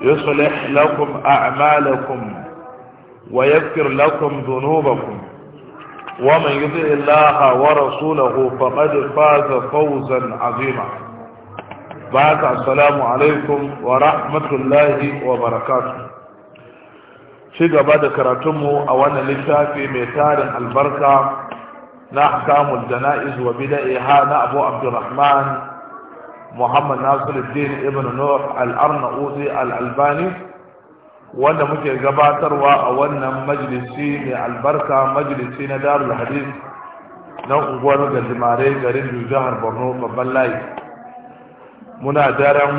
يصلح لكم أعمالكم ويذكر لكم ذنوبكم ومن يطع الله ورسوله فقد فاز فوزا عظيما بعد السلام عليكم ورحمة الله وبركاته ci gaba da karatunmu a في ميتار البركة نحكام الجنائز na نأبو عبد الرحمن muhammad nasiruddin ibn nur al-arnauti al-albani wanda muke gabatarwa a wannan majalisi mai albarka majalisi na darul hadis na unguwar gajimare garin jihar borno babban layi muna daren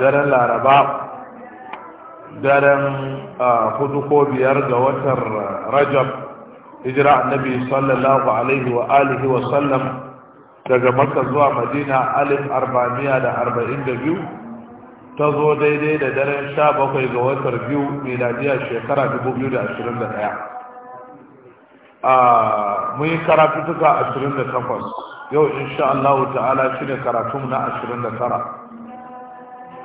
daren laraba daren hudu ko biyar ga watan rajab hijira annabi sallallahu alaihi wa alihi wa sallam daga maka zuwa madina alif arba'amiya da arba'in da biyu ta zo daidai da daren sha bakwai ga watar biyu miladiya shekara dubu biyu da ashirin da ɗaya mun yi tuka ashirin da takwas yau insha Allah ta'ala ne karatun na ashirin da tara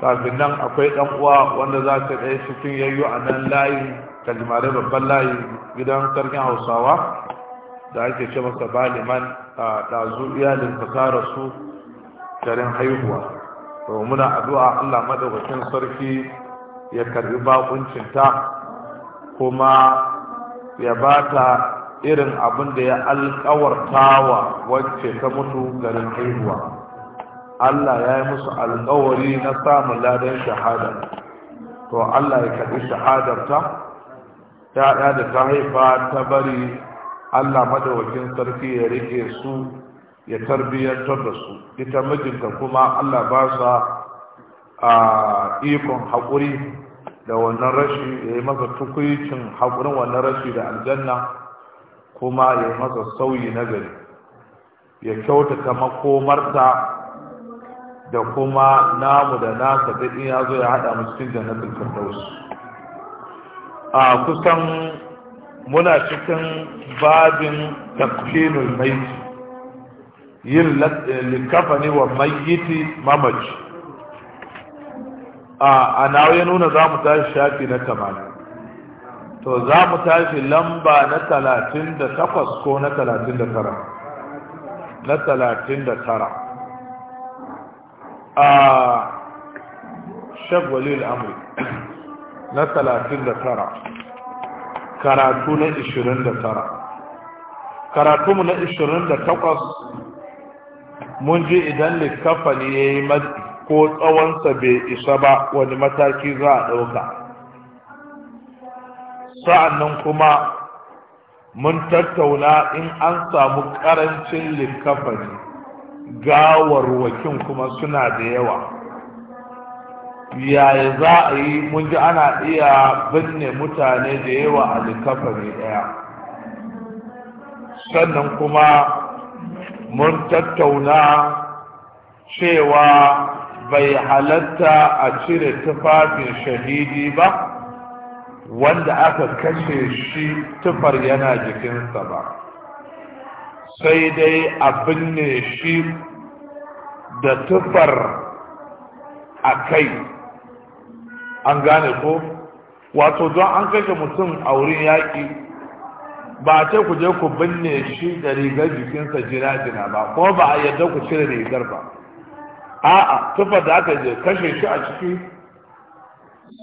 kafin nan akwai dan uwa wanda za ka ɗaya cikin yayyu a nan layi kalmare babban layi gidan sarkin hausawa da ake ce masa baliman a ɗazu iyalin ta rasu garin haihuwa to muna addu'a Allah madaukakin sarki ya karbi bakuncinta kuma ya ba irin abin da ya alkawartawa wacce ta mutu garin haihuwa Allah ya yi musu alkawari na samun ladan shahada to Allah ya karbi shahadarta ta da ta haifa ta bari Allah madawakin sarki ya rike su ya tarbiyyantar da su ita mijinta kuma Allah ba sa a ikon haƙuri da wannan rashi ya yi masa tukuicin haƙurin wannan rashi da aljanna kuma ya yi masa sauyi na gari ya kyautata makomarta da kuma namu da nasa da in ya zo ya haɗa mu cikin jannatin da a kusan muna cikin babin takfinul maiti yin likafani wa mayyiti mamaci a nawa ya nuna za mu tashi shafi na tamanin to za mu tashi lamba na talatin da takwas ko na talatin da tara na talatin da tara a shagwalil amri na talatin da tara karatu na 29 karatu mu na 28 mun ji idan ne ya yi ko tsawonsa bai isa ba wani mataki za a ɗauka sa'annan kuma mun tattauna in an samu ƙarancin gawar gawarwakin kuma suna da yawa yaya za a yi mun ji ana iya binne mutane da yawa a likafari ɗaya sannan kuma mun tattauna cewa bai halatta a cire tufafin shahidi ba wanda aka kashe shi tufar yana jikinsa ba sai dai a binne shi da tufar a kai an gane ko wato don an kashe mutum a wurin yaƙi ba ce ku je ku binne shi da rigar jikinsa jina-jina ba ko ba a yadda ku cire rigar ba a'a tufa da aka je kashe shi a ciki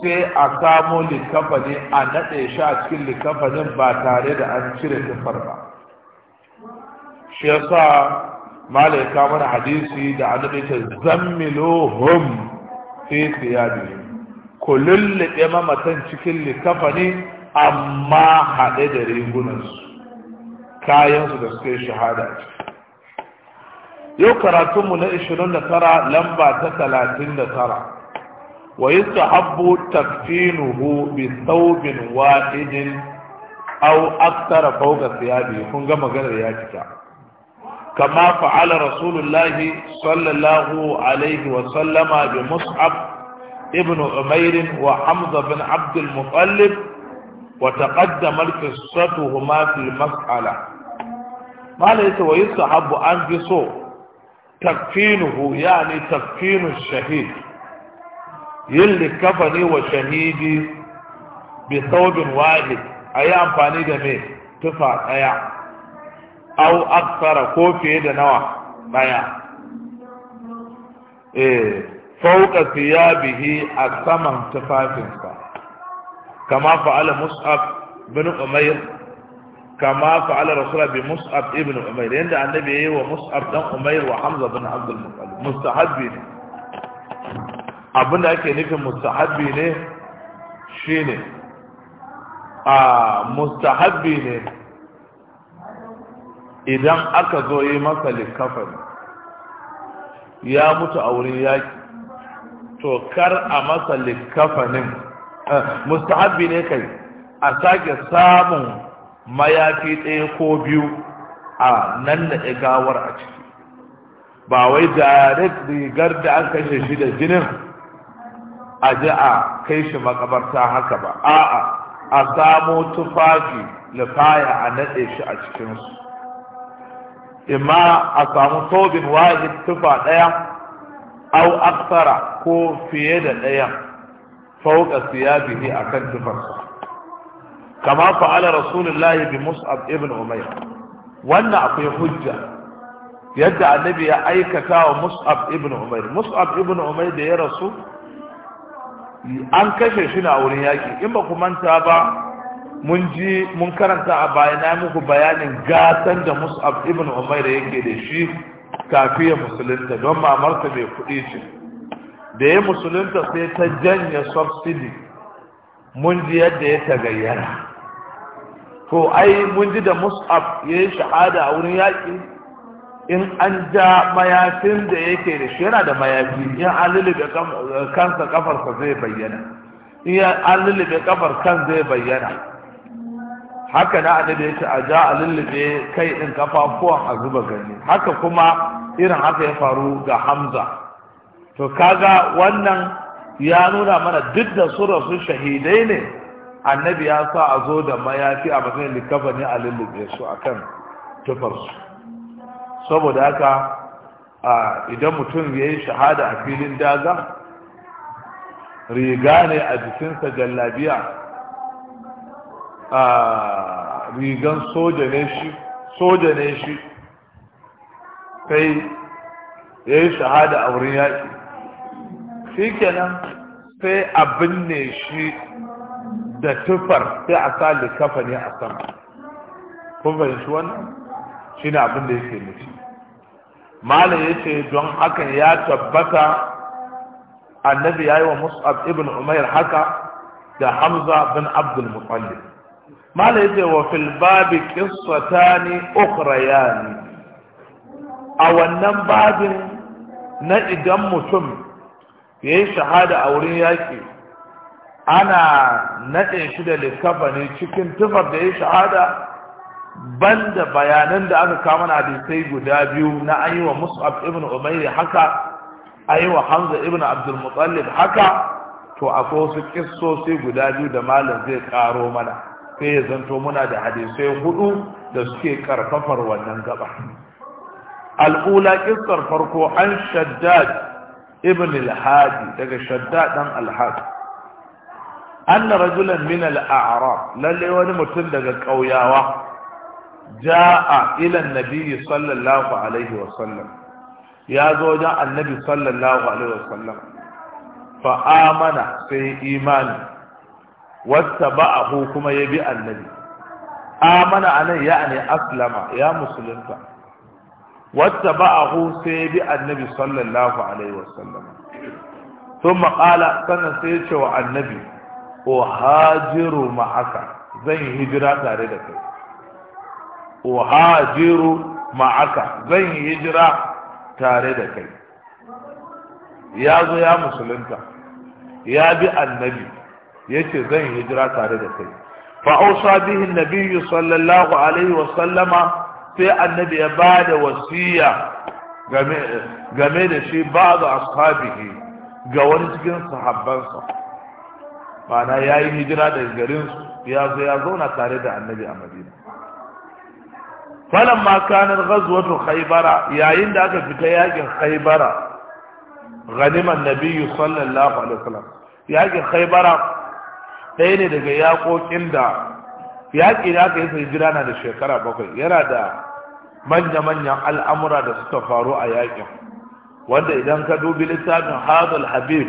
sai a samo likafani a naɗe shi a cikin likafanin ba tare da an cire tufar ba shi yasa malaka mana hadisi da annabi ta hum fi siyabihim ku lullube mamatan cikin likafani amma haɗe da rigunansu kayansu da suka yi shahada yau karatunmu na 29 lamba ta 39 wa yi sahabbu takfinuhu bi saubin wahidin au aktara fauka siyabi kun ga maganar ya cika. kama fa'ala rasulullahi sallallahu alaihi wa sallama bi mus'ab ابن عمير وحمزة بن عبد المطلب وتقدم قصتهما في المسألة ما ليس ويستحب أن يصو تكفينه يعني تكفين الشهيد يلي كفني وشهيدي بثوب واحد أي أمفاني دمي تفع أي أو أكثر كوفي دنوع أي إيه fauka thiyabihi a saman tufafinsa kama fa'ala mus'ab bin umair kama fa'ala rasul bi mus'ab ibn umair Inda annabi yayi wa mus'ab dan umair wa hamza bin abd al-muttalib mustahabbi ne abinda ake nufin mustahabbi ne shine a mustahabbi ne idan aka zo yi masa likafani ya mutu a wurin yaki to kar a masa likafanin eh, mustahabbi ne kai a sake samun mayafi ɗaya ko biyu a nan da gawar a ciki ba wai direct rigar da an kashe shi da jinin a ji a kai shi makabarta haka ba a'a a samo tufafi lifaya a naɗe shi a cikinsu imma a samu tobin wahid tufa ɗaya au aksara ko fiye da ɗayan fauka siyabihi akan tufarsa kama fa'ala rasulullahi bi mus'ab ibn umair wannan akwai hujja yadda annabi ya aikata wa mus'ab ibn umair mus'ab ibn umair da ya rasu an kashe shi na wurin yaki in ba ku manta ba mun ji mun karanta a baya na muku bayanin gatan da mus'ab ibn umair yake da shi Tafiya musulunta don mamarta mai kuɗi ce da ya musulunta sai ta janye subsidi mun ji yadda ya tagayyara to ai mun ji da mus'ab ya yi shahada a wurin yaƙi in an ja mayafin da yake da shi yana da mayafi in an lullube kansa kafarsa zai bayyana in an lullube kafar kan zai bayyana haka na annabi ya ce a ja a lullube kai ɗin kafafuwan a zuba gani haka kuma irin haka ya faru ga hamza to kaga wannan ya nuna mana duk da su rasu shahidai ne annabi ya sa a zo da mayafi a matsayin likafa ne a lullube su a kan tufarsu saboda haka idan mutum ya yi shahada a filin daga riga ne a jikinsa jallabiya a rigan soja ne shi soja ne shi kai ya yi shahada a wurin yaƙi shi kenan sai a binne shi da tufar sai a sa likafa ne a sama kun fahimci wannan shi ne abin da yake nufi malam ya ce don hakan ya tabbata annabi ya yi wa mus'ab ibn umair haka da hamza bin abdul muttalib mala yace wa fil babi qissatani ukhrayani a wannan babin na idan mutum ya yi shahada a wurin yaƙi ana naɗe shi da likafani cikin tufar da ya shahada banda bayanan da aka kama na hadisai guda biyu na an yi wa mus'ab ibn umair haka an yi wa hamza ibn abdul haka to akwai wasu kissosi guda biyu da malam zai karo mana sai ya zanto muna da hadisai hudu da suke karfafar wannan gaba al'ula kissar farko an shaddad ibn al-hadi daga shaddad dan al-hadi anna rajulan min al-a'rab lalle wani mutum daga kauyawa ja'a ila an sallallahu alaihi wa sallam ya zo wajen annabi sallallahu alaihi wa sallam fa amana sai imani wasta ba'ahu kuma ya bi annabi amana anan ya ne aslama ya musulunta wasta ba'ahu sai ya bi annabi sallallahu alaihi wasallam ثم قال سنة سيشة والنبي أهاجر معك زي هجرة تاريدك أهاجر معك زي هجرة تاريدك ya zo ya musulunta ya bi annabi yace zan hijira tare da kai fa ausa bihi nabiyyu sallallahu alaihi wa sallama sai annabi ya bada wasiya game da shi ba'd ashabihi ga wani cikin sahabbansa ma'ana yayi hijira daga garin su ya zo ya zauna tare da annabi a madina falamma kanar ghazwatu khaybara yayin da aka fita yakin khaybara ganiman nabiyyu sallallahu alaihi wasallam yakin khaybara ɗaya ne daga yaƙoƙin da yaƙi da aka yi sai jira na da shekara bakwai yana da manya-manyan al'amura da suka faru a yaƙin wanda idan ka dubi littafin hadal habib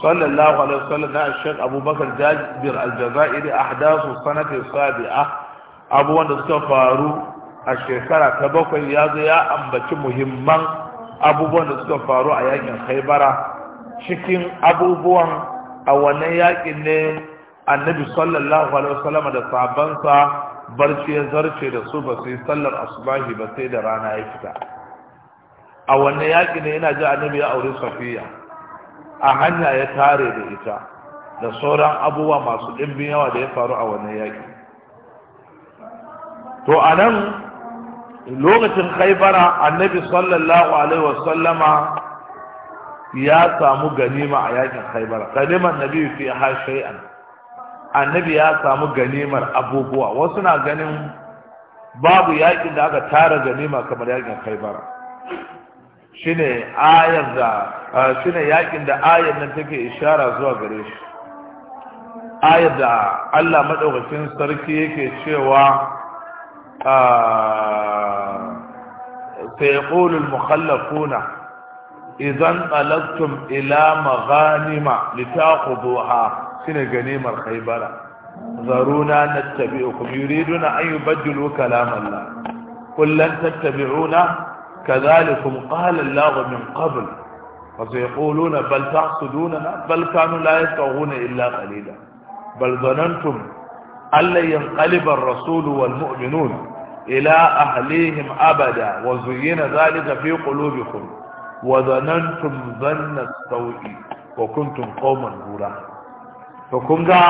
sallallahu alaihi wasallam na shek abubakar jajibir aljazairi ahdasu sanata sabi'a abubuwan da suka faru a shekara ta bakwai ya zo ya ambaci muhimman abubuwan da suka faru a yaƙin haibara cikin abubuwan a wannan yaƙin ne annabi sallallahu alaihi wasallam da sabansa barci ya zarce da su ba su yi sallar asubahi ba sai da rana ya fita a wannan yaki ne yana ji annabi ya aure safiya a hanya ya tare da ita da sauran abubuwa masu ɗimbin yawa da ya faru a wannan yaki to a nan lokacin kaibara annabi sallallahu alaihi wasallama ya samu ganima a yakin khaibara ganiman nabi fi ha shay'an annabi ya samu ganimar abubuwa wasu na ganin babu yakin da aka tara ganima kamar yakin khaibara shine ayar da shine yakin da ayar nan take ishara zuwa gare shi ayar da Allah madaukakin sarki yake cewa yaqulu al-mukhallafuna idan talaqtum ila maghanima litaqduha سنه ganimar khaybara ضرونا نتبعكم يريدون ان يبدلوا كلام الله قل لن تتبعونا كذلك قال الله من قبل فسيقولون بل تحسدوننا بل كانوا لا يفقهون إلا قليلا بل ظننتم أن لن ينقلب الرسول والمؤمنون إلى أهليهم أبدا وزين ذلك في قلوبكم وظننتم ظن السوء وكنتم قوما بورا to kun ga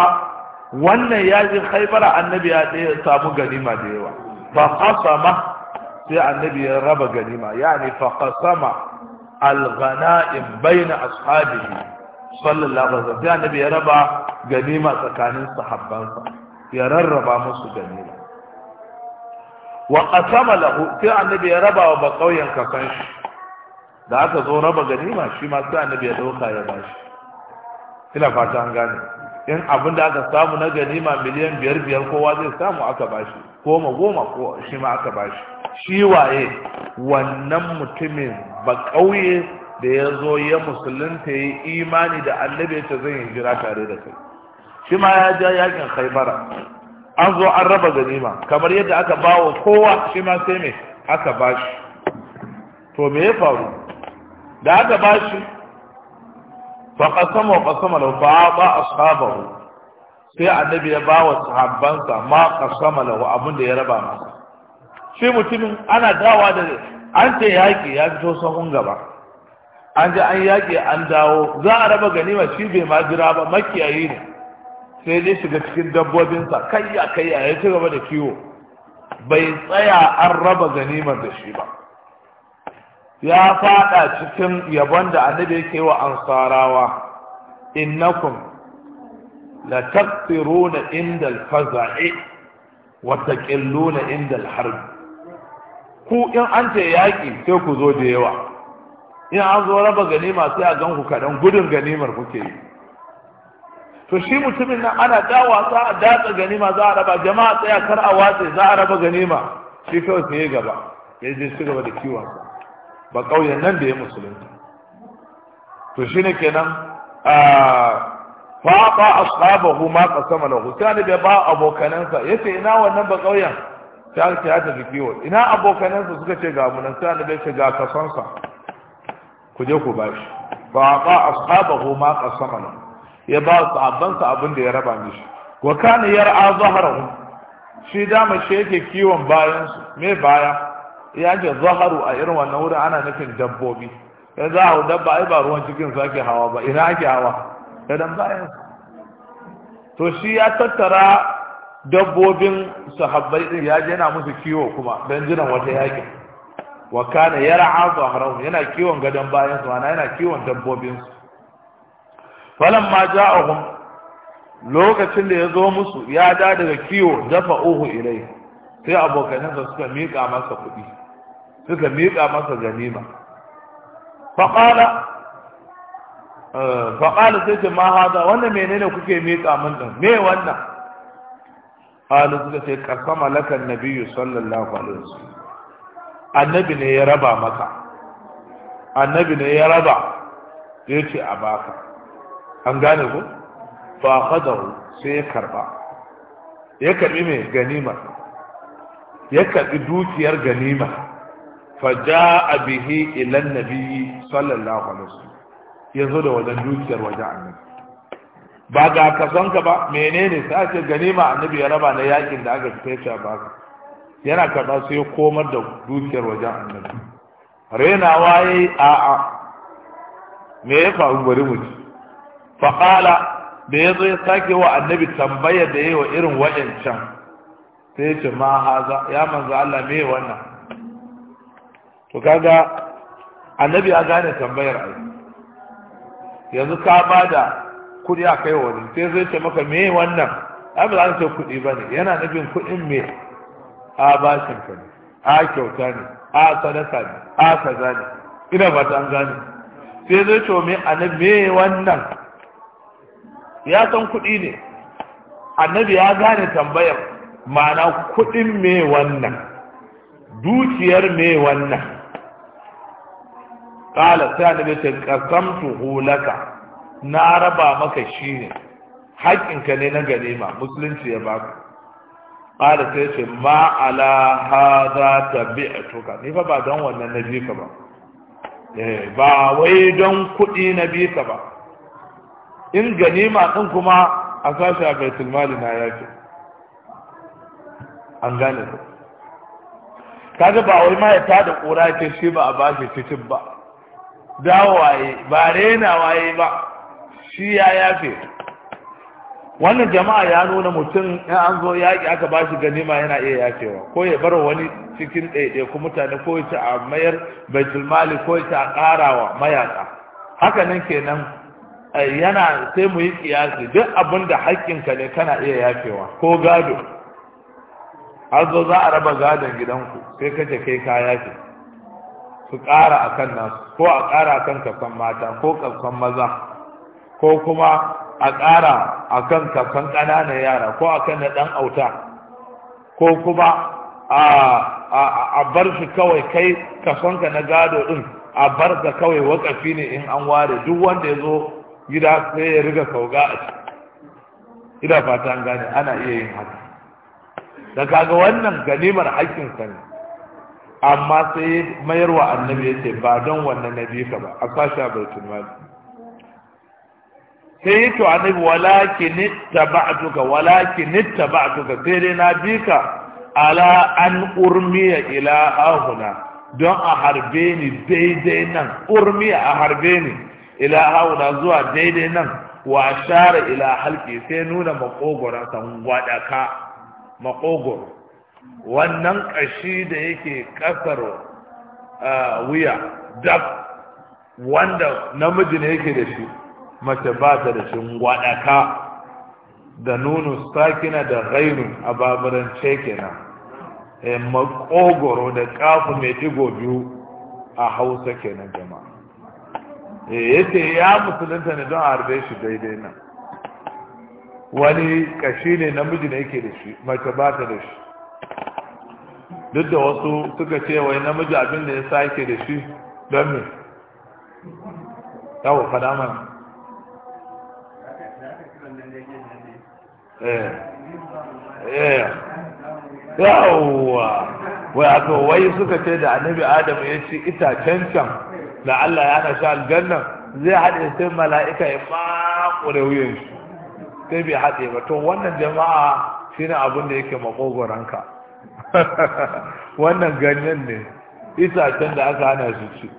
wannan ya yakin khaybar annabi ya samu ganima da yawa fa qasama sai annabi ya raba ganima yani fa qasama al-ghanaim bayna ashabihi sallallahu alaihi wasallam sai annabi ya raba ganima tsakanin sahabbansa ya rarraba musu ganima wa qasama lahu sai annabi ya raba wa bakauyen kafan shi da aka zo raba ganima shi ma sai annabi ya dauka ya bashi ina fata an gane in abin da aka samu na ganima miliyan biyar biyar kowa zai samu aka bashi goma goma ko shi ma aka bashi shi waye wannan mutumin ba ƙauye da ya zo ya musulunta ya imani da annabi ta zan yi jira tare da kai shi ma ya ja yakin khaibara an zo an raba ganima kamar yadda aka bawa kowa shi ma sai me aka bashi to me ya faru da aka bashi fa qasama wa qasama lahu fa sai annabi ya bawa wa sahabbansa ma qasama lahu abin da ya raba masa shi mutumin ana dawa da an ce yaki ya fito sahun gaba an ji an yaki an dawo za a raba ganima shi bai ma jira ba makiyayi ne sai dai shiga cikin dabbobinsa kayya kayya ya ci gaba da kiwo bai tsaya an raba ganimar da shi ba ya fada cikin yabon da annabi yake wa ansarawa innakum la taqtiruna inda al-faza'i wa taqilluna inda al-harb ku in an ce yaki sai ku zo da yawa in an zo raba ganima sai a ganku kadan gudun ganimar kuke yi to shi mutumin nan ana dawa za a datsa ganima za a raba jama'a tsaya kar a watse za a raba ganima shi kawai sai gaba ya je su gaba da kiwon ba ƙauyen nan da ya musulunta to shi ne kenan a faɗa hu ma na hutu ne da ba abokanansa ce ina wannan ba ƙauyen Ta ce ya tafi kiwo ina abokanansa suka ce ga munan sai da ce ga kasansa ku je ku bashi faɗa hu ma qasama na ya ba su abansa abin da ya raba mishi wa kana yar'a zahrahum shi dama shi yake kiwon bayansu me baya ya ke zaharu a irin wannan wurin ana nufin dabbobi ya za a dabba ai ba ruwan cikin su ake hawa ba ina ake hawa ya dan bayan to shi ya tattara dabbobin sahabbai din ya je yana musu kiwo kuma dan jiran wata yaƙi wa kana yar'a zahrahum yana kiwon gadan bayan su ana yana kiwon dabbobin su falamma ja'ahum lokacin da ya zo musu ya da daga kiwo dafa uhu ilai sai abokanansa suka miƙa masa kuɗi suka miƙa masa ganima faƙala eh, faƙala sai ce ma haza wannan menene kuke miƙa min ɗin me wannan qalu suka ce qasama laka nabiyyu sallallahu alaihi wasallam annabi ne ya raba maka annabi ne ya raba ya ce a baka an gane ko fa akhadahu sai ya karba ya karbi mai ganimar ya kaɗi dukiyar ganima fa a bihi ila annabi sallallahu alaihi Ya zo da wajen dukiyar wajen annabi ba ga ka ba menene sai ake ganima annabi ya raba na yakin da aka fita ba yana karba sai ya komar da dukiyar wajen annabi waye a a'a me ya faru bari mu ci fa qala da yazo ya sake wa annabi tambayar da yayi wa irin can? sai ya ce ma haza ya manzo Allah me wannan to kaga annabi ya gane tambayar ai yanzu ka bada kudi a kai wani sai zai ce maka me wannan ai ba za ka ce kudi ba ne yana nufin kudin me a bashin ka ne a kyauta ne a sadaka ne a kaza ne ina ba ta an gane sai zai ce me annabi me wannan ya san kudi ne annabi ya gane tambayar ma'ana kuɗin me wannan dukiyar me wannan kala sai annabi ce kasamtu hulaka na raba maka shi ne haƙƙinka ne na ganima musulunci ya baka kala sai ce ma ala hadha tabi'atuka ni fa ba don wannan na bi ka ba eh, ba wai don kuɗi na bi ka ba in ganima ɗin kuma a sashi a mali na yake an gane ku kaga ba wai ma ya ta da kura ce shi ba a bashi titin ba dawaye ba rena waye ba shi ya yafe wannan jama'a ya nuna mutum in an zo yaƙi aka ba shi ganima yana iya yafewa ko ya bar wani cikin ɗaiɗaiku mutane ko ya ci a mayar baitulmali ko ya ci a ƙarawa mayaƙa haka nan kenan yana sai mu yi kiyasi duk abin da haƙƙinka ne kana iya yafewa ko gado har zo za a raba gadon gidanku sai kace kai kaya ce su ƙara a kan nasu ko a ƙara a kan kafan mata ko kafan maza ko kuma a ƙara a kan kafan ƙananan yara ko a kan na ɗan auta ko kuma a bar shi kawai kai kafanka na gado ɗin a bar ka kawai wakafi ne in an ware duk wanda ya zo gida sai ya riga kauga a ciki ina fata an gane ana iya yin haka da kaga wannan ganimar haƙƙinsa ne amma sai mayarwa annabi ya ce ba don wannan na ka ba a kwasha baitul mali sai yi to annabi walakin ittaba'tuka walakin ittaba'tuka sai dai na bi ka ala an urmiya ila ahuna don a harbe ni daidai nan urmiya a harbe ni ila ahuna zuwa daidai nan wa share ila halki sai nuna san gwada ka makogoro wannan ƙashi da yake ƙasar wuya dab wanda namiji ne yake da shi mace ba ta da shi gwadaka da nunu sakina da rainu a babarance e eh, makogoro da kafu mai digo biyu a hausa kenan jama'a eh, yace ya musulunta ne don a harbe shi daidai nan wani kashi ne namiji ne yake da shi mace ba ta da shi duk da wasu suka ce wai namiji abin da ya sa yake da shi don me yawo fada mana eh eh yawwa wato wai suka ce da annabi adam ya ci itacen can da Allah ya hana shi aljanna zai haɗe sai mala'ika ya makure ƙure shi sai bai haɗe ba to wannan jama'a shi ne abin da yake makogoranka wannan ganyen ne itacen da aka hana su ci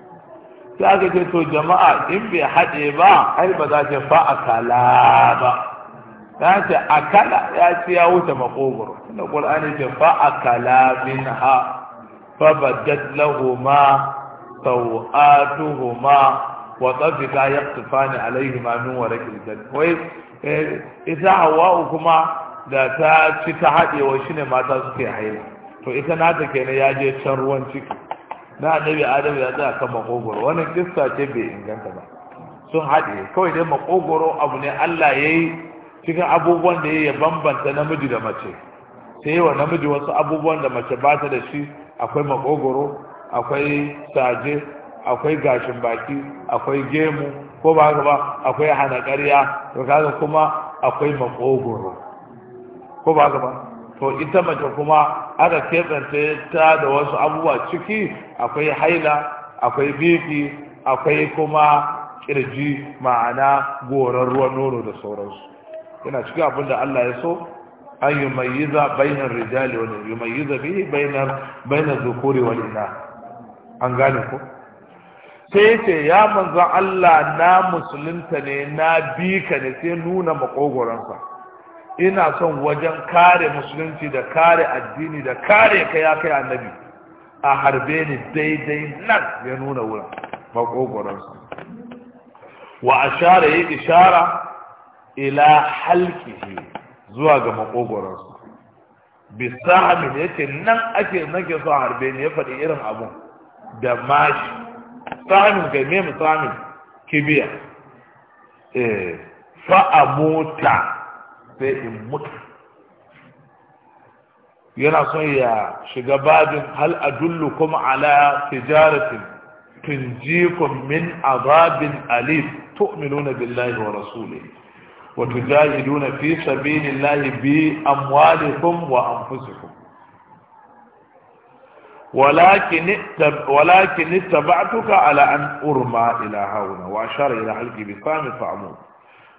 sai aka ce to jama'a in bai haɗe ba ai ba za ce fa a kala ba ta ce kala ya ci ya wuce makogoro tunda qur'ani ce fa a min ha fa ma lahuma ma wa tafika alaihi ma min warqil jannah Eh, ita hawa'u kuma da ta ci ta haɗewa shi ne mata suke haila to ita nata kenan ya je can ruwan ciki na annabi adam ya tsaya kan makogoro wannan kista ce bai inganta ba sun haɗe kawai dai makogoro abu ne allah ya yi cikin abubuwan da ya yi bambanta namiji da mace sai wa namiji wasu abubuwan da mace ba ta da shi akwai makogoro akwai saje akwai gashin baki akwai gemu ko ba haka ba akwai hana ƙarya to kaga kuma akwai makogoro ko ba haka ba to ita mace kuma aka keɓance ta da wasu abubuwa ciki akwai haila akwai biki akwai kuma kirji ma'ana goran ruwan nono da sauransu yana ciki abin da Allah ya so an yi mayyiza bainar rijali wani yi mayyiza bihi bainar zukuri wani na an gane ko sai ce ya manzan Allah na musulunta ne na bi ka ne sai nuna makogoransa ina son wajen kare musulunci da kare addini da kare ka ya kai annabi a harbe ni daidai nan ya nuna wurin makogoransa wa ashara yi ishara ila halkihi zuwa ga makogoransa ya ce nan ake nake so harbe ne ya faɗi irin abun da mashi طعم جميل طعم كبير فأموت في الموت ينصي يا شقباد هل أدلكم على تجارة تنجيكم من عذاب أليم تؤمنون بالله ورسوله وتجاهدون في سبيل الله بأموالكم وأنفسكم ولكن ولكن اتبعتك على ان ارمى الى هنا واشار الى حلقي بفم فعمود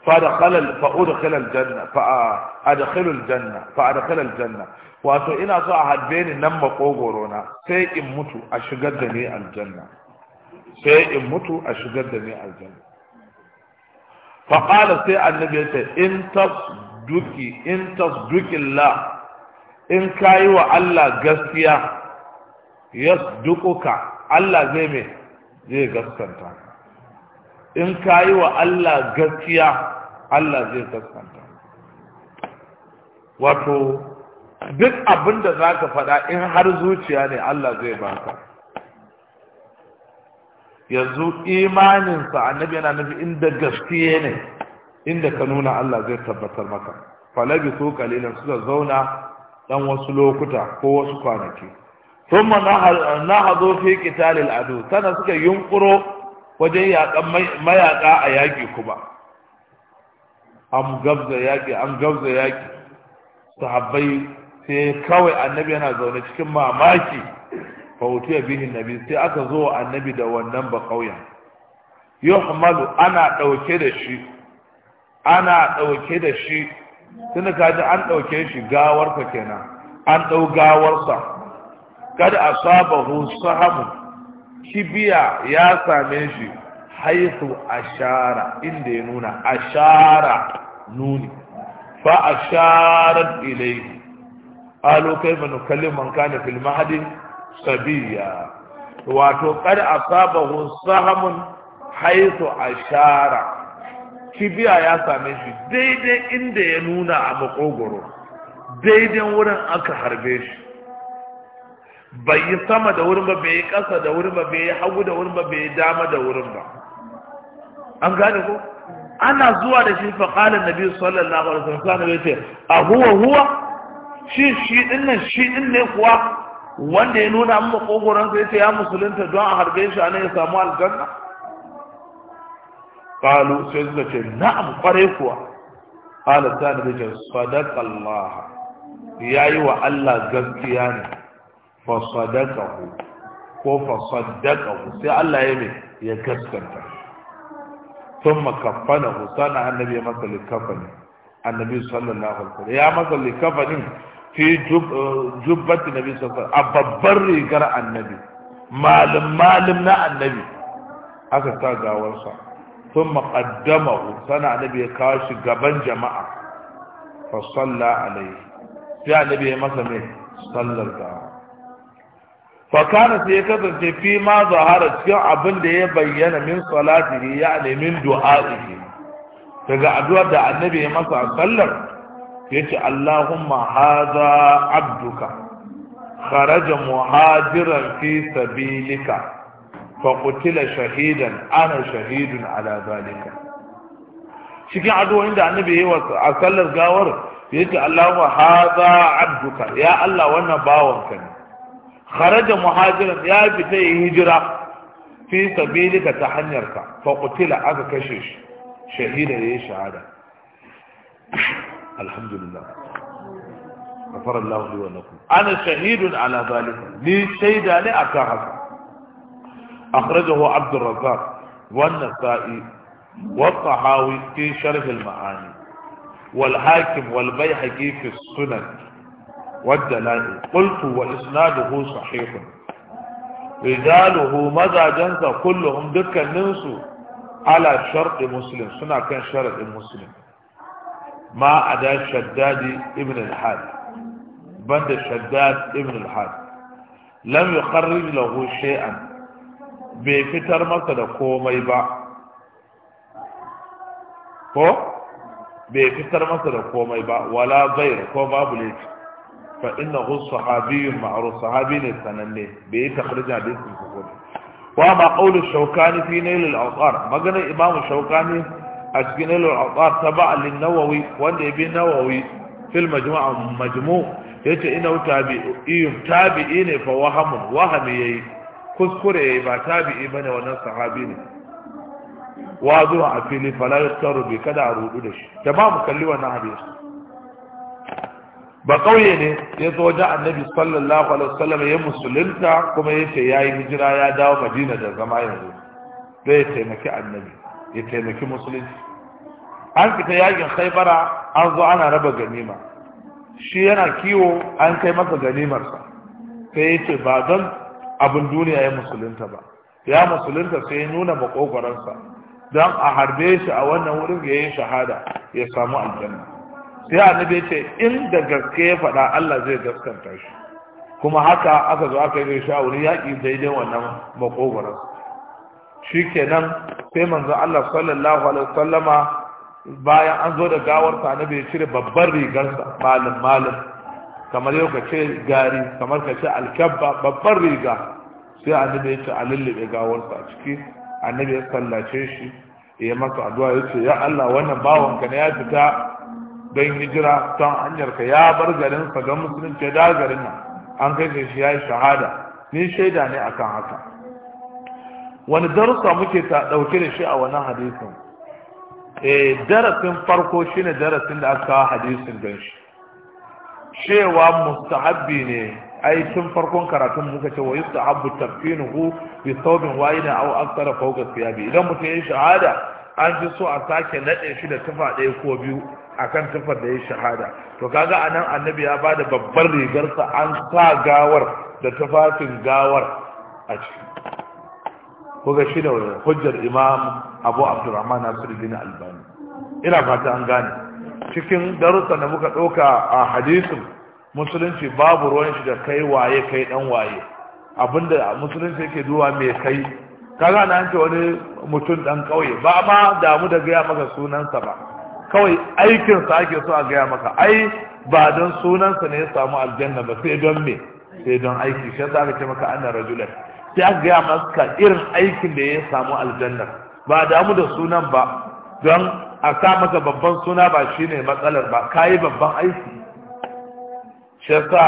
فادخل فادخل الجنه فادخل الجنه فادخل الجنه واتو ان اصع حد بين نم قوغورونا سي ان متو اشغد الجنه سي ان متو اشغد الجنه فقال سي النبي سي ان تصدقي ان تصدقي الله ان كايوا الله قسيا yasduquka Allah zai me zai gaskanta in kayi wa Allah gaskiya Allah zai gaskanta wato duk abin da za ka faɗa in har zuciya ne Allah zai baka yanzu imaninsa annabi yana nufi inda gaskiya ne inda ka nuna Allah zai tabbatar maka falabi su kalilan suka zauna dan wasu lokuta ko wasu kwanaki ثم نهضوا في قتال العدو سنة سكا ينقروا wajen yaƙan mayaƙa a yaƙi kuma an gabza yaƙi an gabza sai kawai annabi yana zaune cikin mamaki fautiya bihin nabi sai aka zo wa annabi da wannan ba kauyen ana ɗauke da shi ana an ɗauke shi gawarsa kenan an ɗau gawarsa kada asabahu sahamu kibiya ya same shi haithu ashara inda ya nuna ashara nuni fa asharat ilai qalu kayfa nukallimu man kana fil mahdi sabiya wato kad asabahu sahamun haithu ashara kibiya ya same shi daidai inda ya nuna a makogoro daidai wurin aka harbe shi bai yi sama da wurin ba bai yi ƙasa da wurin ba bai yi hagu da wurin ba bai yi dama da wurin ba an gane ko ana zuwa da shi fa qala nabi sallallahu alaihi wasallam sai ce a huwa huwa shi shi dinnan shi din ne kuwa wanda ya nuna amma kogoran sai ya musulunta don a harbe shi anan ya samu aljanna qalu sai suka ce na'am kwarai kuwa qala sani bi sadaqallah yayi wa Allah gaskiya ne fasadakahu ko fasadakahu sai Allah ya mai ya gaskanta sun makafana husana annabi ya masa likafanin annabi sallallahu alaihi wasallam ya masa likafanin fi eh, jubbati nabi sallallahu a babbar rigar annabi malum malum na annabi aka sa gawarsa sun maƙaddamahu sana annabi ya kawo shi gaban jama'a fa salla alaihi sai annabi ya masa mai sallar gawa fakana sai ya kasance fi ma zahara cikin abin da ya bayyana min salatihi ya min du'a'ihi daga addu'ar da annabi ya masa a sallar ya ce Allahumma haza abduka kharaja muhajiran fi sabilika fa qutila shahidan ana shahidun ala zalika cikin addu'o'in da annabi ya yi a sallar gawar ya ce Allahumma haza abduka ya Allah wannan bawanka ne خرج مهاجرا يا بيتي هجرة في سبيلك تحنيرك فقتل أبا كشيش شهيد ليش عادة الحمد لله غفر الله لي ولكم أنا شهيد على ذلك لي شهيدا لي أكاهف أخرجه عبد الرزاق والنسائي والطحاوي في شرح المعاني والحاكم والبيحكي في السنن والدلائل قلت وإسناده صحيح رجاله ماذا جنس كلهم دكا ننسو على شرط مسلم سنة كان شرط مسلم ما أدى شداد ابن الحاد بند شداد ابن الحاد لم يخرج له شيئا بفتر مصد كومي با ko bai fitar masa da komai ba wala zair ko babu laifi fa innahu sahabiyyun ma'ruf sahabi ne sananne bai yi takrijin hadisin sa ko wa ma qawlu shawkani fi nail al-awtar magana imamu shawkani a cikin nail al-awtar taba'a lin nawawi wanda yabi nawawi fil majmu' majmu' yace ina tabi'i tabi'i ne fa wahamun wahami yayi kuskure yayi ba tabi'i bane wannan sahabi ne wa zuwa a fili fala kada a rudu da shi jama'a mu kalli wannan hadisi ba kauye ne ya zo wajen annabi sallallahu alaihi wasallam ya musulunta kuma ya ce ya yi hijira ya dawo madina da zama yanzu don ya taimaki annabi ya taimaki musulunci an fita yakin khaibara an zo ana raba ganima shi yana kiwo an kai masa ganimarsa sai ya ce ba don abin duniya ya musulunta ba ya musulunta sai ya nuna makogoransa don a harbe shi a wannan wurin ya yi shahada ya samu aljanna sai annabi ce in da gaske ya faɗa Allah zai gaskanta shi kuma haka aka zo aka yi da wurin yaƙi daidai wannan makogoron shi kenan sai manzo Allah sallallahu alaihi wasallama bayan an zo da gawar sa annabi ya cire babbar rigarsa malam malam kamar yau ka ce gari kamar ka ce alkabba babbar riga sai annabi ya ce a lullube gawar a ciki annabi ya sallace shi ya masa addu'a ya ce ya Allah wannan ka ne ya fita don hijira don hanyar ka ya bar garin sa don musulunci da garin nan an kai shi ya yi shahada ni shaida ne akan haka wani darussa muke ta dauke da shi a wannan hadisin eh darasin farko shine darasin da aka kawo hadisin don shi cewa mustahabbi ne ai tun farkon karatun muka ce wa yustahabbu tarfinuhu bi thawbin wahida aw akthara fawqa thiyabi idan mutum ya shahada an ji so a sake nade shi da tufa ɗaya ko biyu akan tufar da ya shahada to kaga anan annabi ya bada babbar rigarsa an sa gawar da tufafin gawar a ciki Ko ga shi da hujjar imam abu abdurrahman nasiruddin albani ina fata an gane cikin darussa da muka ɗauka a hadisin musulunci babu ruwan shi da kai waye kai dan waye abinda musulunci yake duwa mai kai kaga na an ce wani mutum dan kauye ba ma damu da gaya maka sunansa ba kawai aikinsa ake so a gaya maka ai ba don sunansa ne ya samu aljanna ba sai don me sai don aiki shi yasa aka ce maka ana rajulan sai aka gaya maka irin aikin da ya samu aljanna ba damu da sunan ba don a sa maka babban suna ba shine matsalar ba kayi babban aiki shi yasa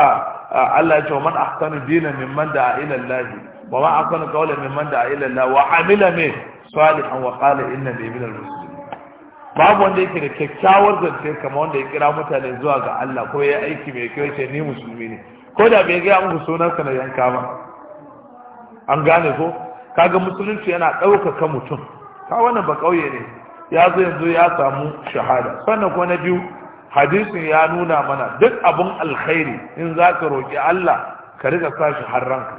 Allah ya ce man ahsanu dinan mimman da'a ila Allah wa ma ahsanu qawlan mimman da'a ila Allah wa amila min salihan wa qala innani minal muslimin babu wanda yake da kyakkyawar zance kamar wanda ya kira mutane zuwa ga Allah ko ya aiki mai kyau ce ni musulmi ne ko da bai gaya muku sa na yanka ba an gane ko kaga musulunci yana ɗaukaka mutum ka wannan ba ƙauye ne ya zo yanzu ya samu shahada sannan ko na biyu hadisin ya nuna mana duk abun alkhairi in za ka roƙi Allah ka riga sa shi har ranka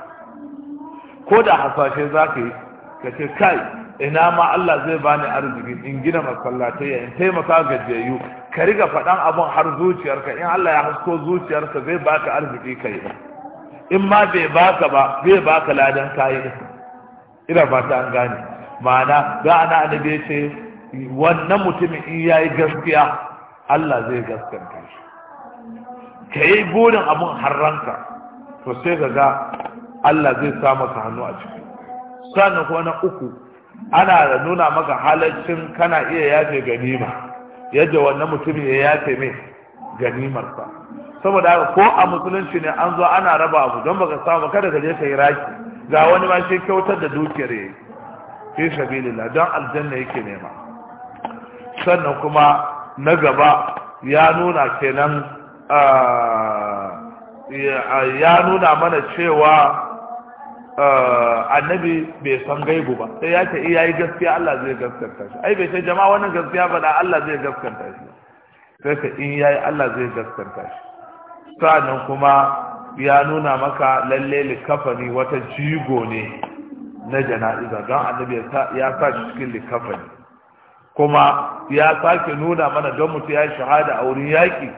ko da hasashe za ka yi ka ce kai ina ma Allah zai bani arziki in gina masallatai in taimaka gajiyayyu ka riga faɗan abun har zuciyarka in Allah ya hasko zuciyarka zai baka arziki kai yi in ma bai baka ba zai baka ladan kayi ina fata an gane ma'ana da ana annabi ya ce wannan mutumin in yayi gaskiya Allah zai gaskanta shi ka yi burin abun harranka to sai ga Allah zai sa maka hannu a ciki sannan kuma na uku ana da nuna maka halaccin kana iya yafe ganima yadda wannan mutumin ya yafe mai ganimarsa saboda ko a musulunci ne an zo ana raba abu don baka samu kada ka je ka yi raki ga wani ma shi kyautar da dukiyar ya fi sabilillah don aljanna yake nema sannan kuma na gaba ya nuna kenan ah, ya nuna mana cewa Eh, annabi bai san gaibu ba sai ya ce iya eh, yi gaskiya Allah zai gaskanta shi ai bai ce jama'a wannan gaskiya ba da Allah zai gaskanta shi sai ka in yayi Allah zai gaskanta shi sa'annan kuma ya nuna maka lalle likafani wata jigo ne na jana'iza don annabi ya sa shi cikin likafani kuma ya sake nuna mana don mutum ya yi shahada a wurin yaƙi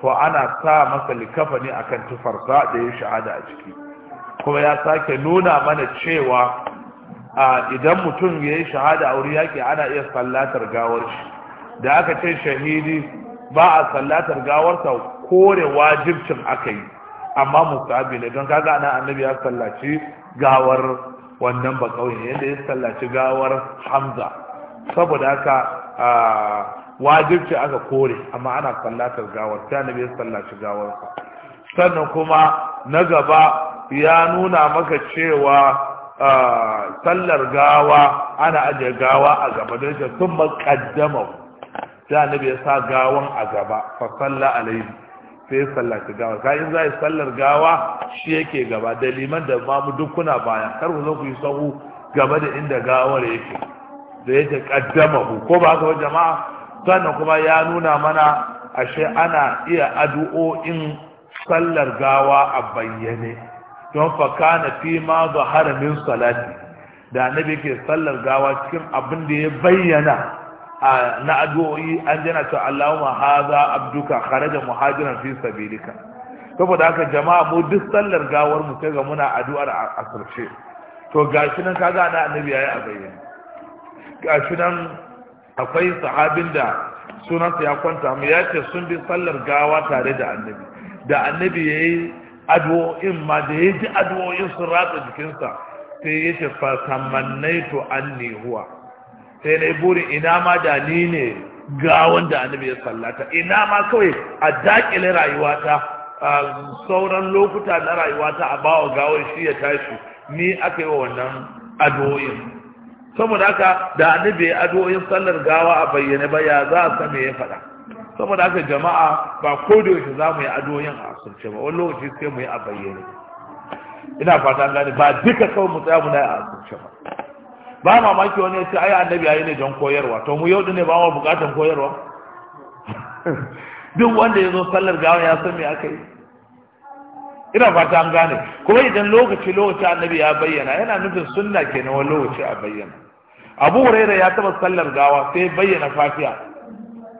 to ana sa masa likafani akan tufarsa da ya shahada a ciki kuma ya sake nuna mana cewa idan mutum ya yi shahada a wuri yaƙi ana iya sallatar gawar shi da aka ce shahidi ba a sallatar gawarsa kore wajibcin aka yi amma musabi ne don kaga ana annabi ya sallaci gawar wannan ba kauye yadda ya sallaci gawar hamza saboda haka wajibci aka kore amma ana sallatar gawar ta annabi ya sallaci gawarsa sannan kuma na gaba ya nuna maka cewa sallar gawa ana ajiye gawa a gaba don shi sun makaddama sai nabi ya sa gawan a gaba fa salla alaihi sai ta gawa ka in zai yi sallar gawa shi yake gaba da liman da mamu duk kuna baya kar mu zo ku yi sahu gaba da inda gawar yake da yake kaddama ku ko ba ga jama'a sannan kuma ya nuna mana ashe ana iya addu'o'in sallar gawa a bayyane don faka na fi ma zahara min salati da annabi ke sallar gawa cikin abin da ya bayyana na addu'o'i an jana ta Allahumma hadha abduka kharaja muhajiran fi sabilika saboda haka jama'a mu duk sallar gawar mu sai ga muna addu'ar a to gashi nan kaga da annabi yayi a bayyana gashi nan akwai sahabin da sunansa ya kwanta mu ya sun bi sallar gawa tare da annabi da annabi yayi addu'o'in ma da ya ji addu'o'in sun ratsa jikinsa sai ya ce to an nehuwa sai na buri ina ma da ni ne ga wanda annabi ya sallata ina ma kawai a dakile rayuwata a sauran lokuta na rayuwata a bawa gawar shi ya tashi ni aka yi wa wannan addu'o'in saboda haka da annabi ya addu'o'in sallar gawa a bayyane ba ya za a same ya faɗa saboda haka jama'a ba ko da yaushe za mu yi adoyin a asirce ba wani lokaci sai mu yi a bayyane ina fata an gane ba duka kawai mu tsaya muna yi a asirce ba ba mamaki wani ya ce ai annabi ayi ne don koyarwa to mu yau ne ba mu bukatan koyarwa duk wanda ya zo sallar gawa ya san me aka yi ina fata an gane kuma idan lokaci lokaci annabi ya bayyana yana nufin sunna kenan wani lokaci a bayyana abu huraira ya taba sallar gawa sai bayyana fatiha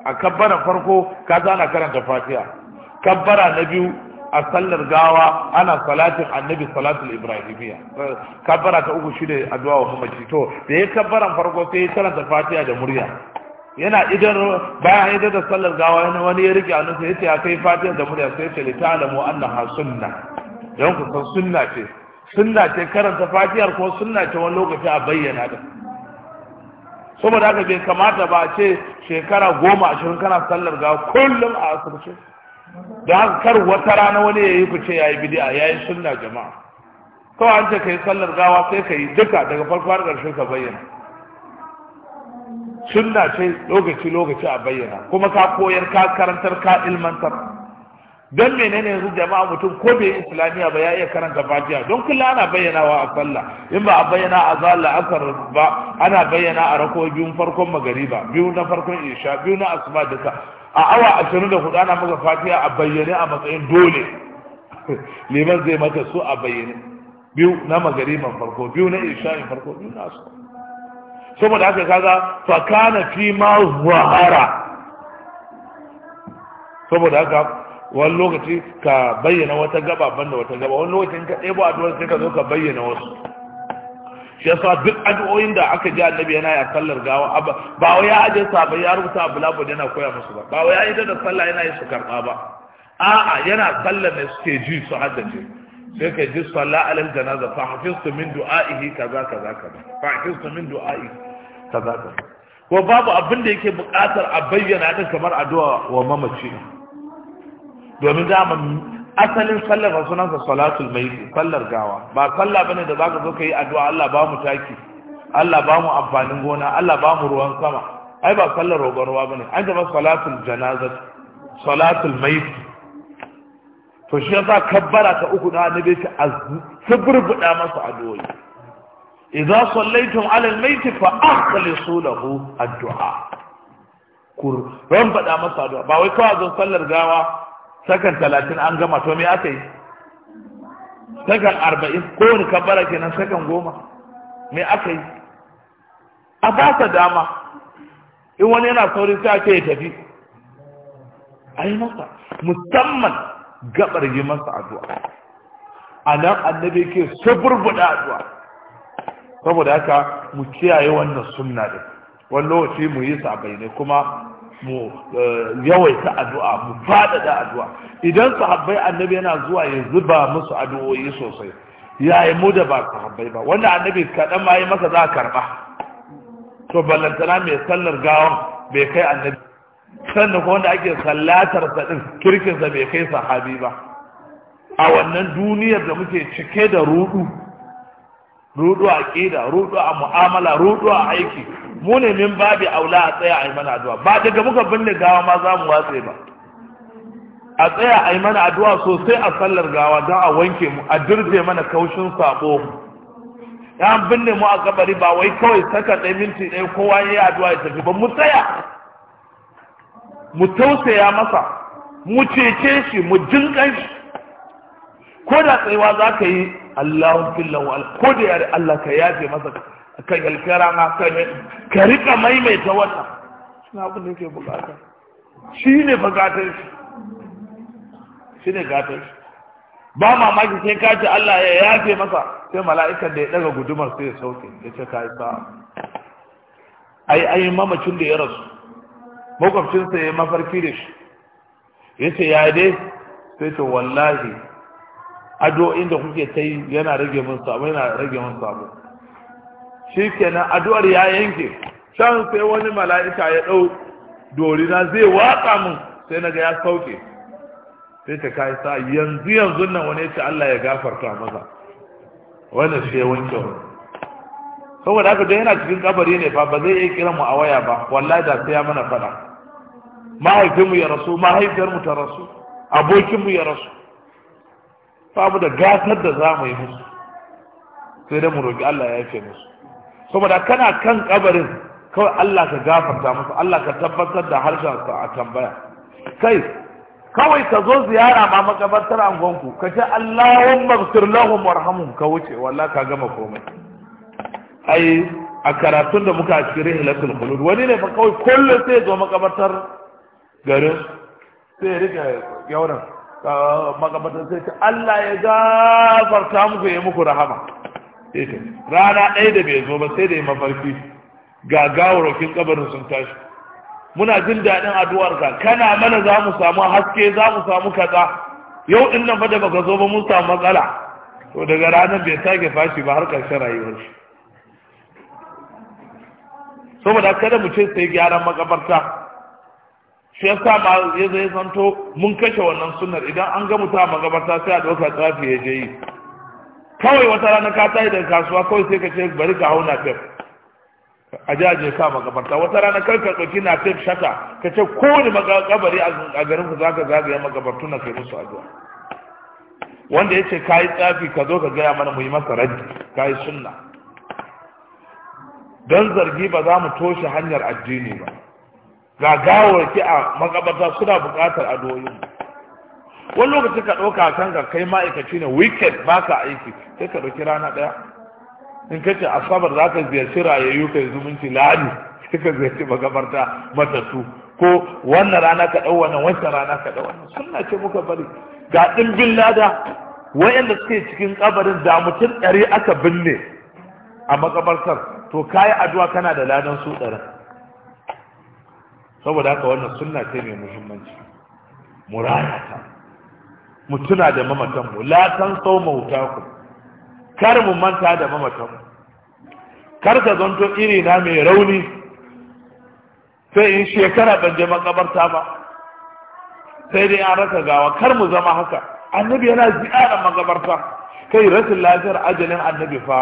a kabbara farko ka ana karanta fatiha kabbara na biyu a sallar gawa ana salatin annabi salatul ibrahimiyya kabbara ta uku shine addu'a wa mamaci to da ya kabbaran farko sai ya karanta fatiha da murya yana idan bayan idan da sallar gawa yana wani ya rike annabi sai ya ce akai fatiha da murya sai ya ce lita'lamu annaha sunna don ku san sunna ce sunna ce karanta fatihar ko sunna ce wani lokaci a bayyana da saboda haka bai kamata ba a ce shekara goma ashirin kana sallar ga kullum a asirce da haka kar wata rana wani ya yi fice ya yi bidi'a ya yi sunna jama'a kawai an ce ka yi sallar gawa sai ka yi duka daga farko har ƙarshe ka bayyana sunna ce lokaci lokaci a bayyana kuma ka koyar ka karantar ka ilmantar don menene yanzu jama'a mutum ko bai islamiyya ba ya iya karanta fatiha don kullum ana bayyana wa sallah in ba a bayyana a zalla asar ba ana bayyana a rako biyun farkon magariba biyu na farkon isha biyu na asuba duka a awa ashirin da hudu ana maka fatiha a bayyane a matsayin dole liman zai mata su a bayyane biyu na magariban farko biyu na Isha isha'in farko biyu na asuba saboda haka kaga fakana fi ma zahara saboda haka wani lokaci ka bayyana wata gaba banda wata gaba wani lokacin ka ɗebo addu'ar sai ka zo ka bayyana wasu shi yasa duk addu'o'in da aka ji annabi yana ya sallar gawa ba wai ya aje sabai ya rubuta abu labo yana koya musu ba ba wai ya yi da sallah yana yi su karɓa ba a'a yana sallar ne suke ji su haddace sai ka ji sallah alal janaza fa hafiztu min du'a'ihi kaza kaza kaza fa hafiztu min du'a'ihi kaza kaza ko babu abin da yake buƙatar a bayyana din kamar addu'a wa mamaci ne domin dama asalin sallar ba sunansa salatul maiti sallar gawa ba sallah bane da zaka zo kai addu'a Allah ba mu taki Allah ba mu amfanin gona Allah ba mu ruwan sama ai ba sallar rogon ruwa bane an jama salatul janazat salatul maiti to shi yasa kabbara ta uku na annabi ta azzuburbuda masa addu'o'i idza sallaitum ala al-maiti fa akhlisu lahu addu'a kur ran faɗa masa addu'a ba wai kawai zan sallar gawa sakan talatin an gama to me aka yi sakan arba'in kowane kabbara kenan sakan goma me aka yi a ba dama in wani yana saurin sai ake ya tafi a yi masa musamman gabar yi masa addu'a a nan annabi ke suburbuɗa addu'a saboda haka mu kiyaye wannan sunna din wani lokaci mu yi sa ne kuma mu eh, yawaita addu'a mu faɗaɗa addu'a idan sahabbai annabi yana zuwa ya zuba musu addu'o'i sosai yayi mu da ba sahabbai ba wanda annabi kaɗan ma yi masa za a karɓa to ballantana mai sallar gawan bai kai annabi sannan ko wanda ake sallatar sa din kirkinsa bai kai sahabi ba a wannan duniyar da muke cike da rudu rudu a ƙida rudu a mu'amala rudu a aiki mu ne min babi aula a tsaya a yi mana addu'a ba daga muka binne gawa ma za mu watse ba a tsaya a yi mana addu'a sosai a sallar gawa don a wanke mu a dirje mana kaushin sabo ya binne mu a kabari ba wai kawai saka ɗaya minti ɗaya kowa ya yi addu'a ya tafi ba mu tsaya mu tausaya masa mu cece shi mu jinƙan shi ko da tsayuwa za ka yi Allahun fillan wa ko da Allah ka yafe masa kan alkara na kan ka rika maimaita wannan suna abin da yake bukata shi ne fa gatar shi shi ne gatar shi ba mamaki sai ka ji Allah ya yafe masa sai mala'ikan da ya daga gudumar sai ya sauke ya ce ka yi sa'a ai ai mamacin da ya rasu makwabcinsa ya mafarki da shi ya ce ya dai sai to wallahi addu'o'in da kuke ta yi yana rage min samu yana rage min shi shikenan addu'ar ya yanke can sai wani mala'ika ya dau dorina zai watsa min sai naga ya sauke sai ta kai sa yanzu yanzu nan wani ya ce Allah ya gafarta masa wannan ya wanke wani saboda haka don yana cikin kabari ne fa ba zai iya kiran mu a waya ba wallahi da sai ya mana fada mahaifinmu ya rasu mahaifiyarmu ta rasu abokinmu ya rasu ba da gasar da za mu yi musu sai dai mu roƙi Allah ya yafe musu saboda kana kan kabarin kawai Allah ka gafarta musu Allah ka tabbatar da harshen su a tambaya kai kawai ka zo ziyara ma makabartar angonku ka ce Allahumma ighfir lahum ka wuce wallahi ka gama komai ai a karatun da muka a cikin rihilatul khulud wani ne fa kawai kullum sai zo makabartar garin sai ya rika yauran magabatan sai ce Allah ya gafarta muku ya muku rahama rana ɗaya da bai zo ba sai da ya mafarki ga gawarokin kabarin sun tashi muna jin daɗin addu'ar ka kana mana za mu samu haske za mu samu kaza yau din nan fa da baka zo ba mun samu matsala to daga ranar bai sake fashi ba har ƙarshen rayuwar shi saboda kada mu ce sai gyaran makabarta shi yasa ba ya zai zanto mun kashe wannan sunnar idan an ga mutum a gabata sai a ɗauka tsafi ya je yi kawai wata rana ka tashi daga kasuwa kawai sai ka ce bari ka hau tef a jaje ka makabarta wata rana kar ka ɗauki na tef shaka ka ce kowane magabari a garin ku ka zagaya makabartu na kai musu addu'a wanda ya ce ka yi tsafi ka zo ka gaya mana mu yi masa ka yi sunna don zargi ba za mu toshe hanyar addini ba ga ki a makabarta suna buƙatar adoyin wani lokacin ka ɗauka kan ga kai ma'aikaci ne wicked ba ka aiki sai ka ɗauki rana ɗaya in ka ce asabar za ka ziyarci rayayyu ka zumunci ladi sai ka ziyarci makabarta matattu ko wannan rana ka ɗau wannan wancan rana ka ɗau wannan sunna ce muka bari ga ɗimbin lada wa'inda suke cikin kabarin da mutum ɗari aka binne a makabartar to kayi addu'a kana da ladan su ɗarin saboda haka wannan sunna ce mai muhimmanci mu raya ta mu tuna da mamatan mu la san sau mauta ku kar mu manta da mamatan mu kar ka zanto iri na mai rauni sai in shekara ban je makabarta ba sai dai an rasa gawa kar mu zama haka annabi yana ziyarar makabarta kai rashin lafiyar ajalin annabi fa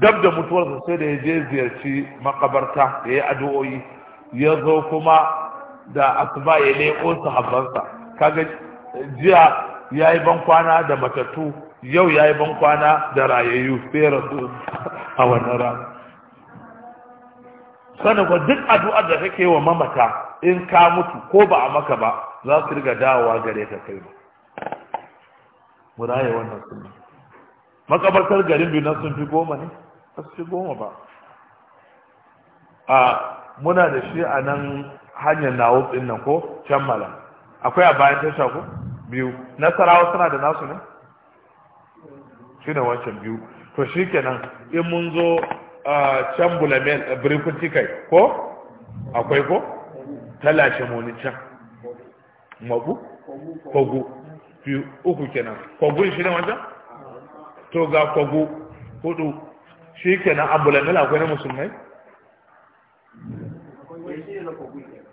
dab da mutuwarsa sai da ya je ziyarci makabarta ya yi addu'o'i ya zo kuma da asuba ya leƙo sahabbansa kaga jiya ya yi bankwana da matattu yau ya yi bankwana da rayayyu sai rasu a wannan rana sannan kuwa duk addu'ar da kake wa mamata in ka mutu ko ba a maka ba za su riga dawowa gare ka kai ba mu raye wannan sunna makabartar garin biyu na sun fi goma ne ba su fi goma ba a muna da shi a nan hanyar nawo ɗin nan ko can malam akwai a bayan tasha ko biyu nasarawa suna da nasu ne shi ne wancan biyu to shi kenan in mun zo can bulamel birkin cikai ko akwai ko talashe moni can mabu kogu biyu uku kenan kogun shi ne wancan to ga kogu hudu shi kenan a bulamel akwai na musulmai